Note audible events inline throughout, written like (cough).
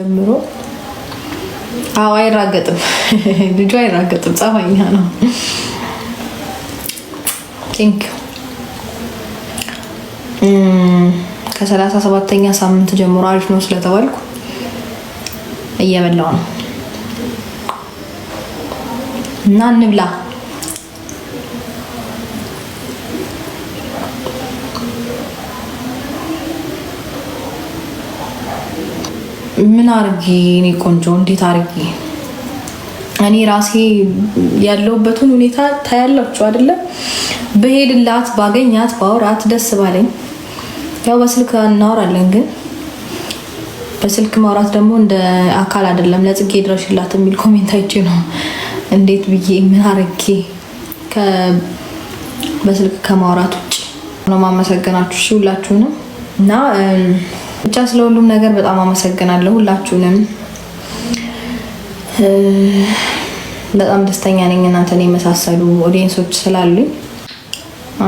ጀምሮ አዎ፣ አይራገጥም። (laughs) ልጁ አይራገጥም። ጸባይኛ ነው። ቲንክ ከሰላሳ ሰባተኛ ሳምንት ጀምሮ አሪፍ ነው ስለተባልኩ እየበላው ነው እና እንብላ ምን አርጊ እኔ ቆንጆ እንዴት አርጊ እኔ ራሴ ያለሁበትን ሁኔታ ታያላችሁ አይደለም። በሄድላት ባገኛት ባወራት ደስ ባለኝ። ያው በስልክ እናወራለን፣ ግን በስልክ ማውራት ደግሞ እንደ አካል አይደለም። ለጽጌ ድረሽላት የሚል ኮሜንት አይቼ ነው እንዴት ብዬ ምን አረጌ በስልክ ከማውራት ውጭ ነው። ማመሰገናችሁ ሁላችሁንም እና ብቻ ስለ ሁሉም ነገር በጣም አመሰግናለሁ ሁላችሁንም። በጣም ደስተኛ ነኝ እናንተን የመሳሰሉ ኦዲየንሶች ስላሉኝ።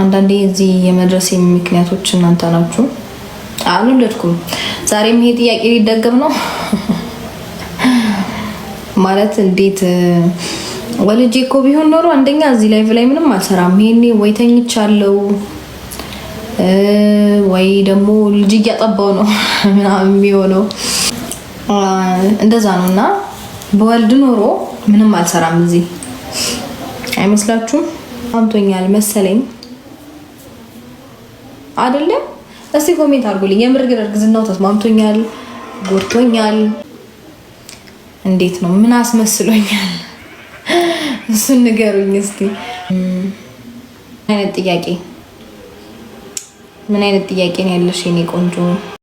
አንዳንዴ እዚህ የመድረሴ ምክንያቶች እናንተ ናችሁ። አልወለድኩም። ዛሬም ይሄ ጥያቄ ሊደገም ነው (laughs) ማለት እንዴት ወልጄ እኮ ቢሆን ኖሮ አንደኛ እዚህ ላይቭ ላይ ምንም አልሰራም። ይሄኔ ወይ ተኝቻለሁ ወይ ደግሞ ልጅ እያጠባው ነው (laughs) ምናምን የሚሆነው እንደዛ ነው። እና በወልድ ኖሮ ምንም አልሰራም እዚህ አይመስላችሁም? አምቶኛል መሰለኝ አይደለም። እስቲ ኮሜንት አድርጉልኝ። የምር ግን እርግዝናው ተስማምቶኛል፣ ጎድቶኛል፣ እንዴት ነው ምን አስመስሎኛል? (laughs) እሱን ንገሩኝ እስቲ። አይነት ጥያቄ ምን አይነት ጥያቄ ነው ያለሽ የኔ ቆንጆ?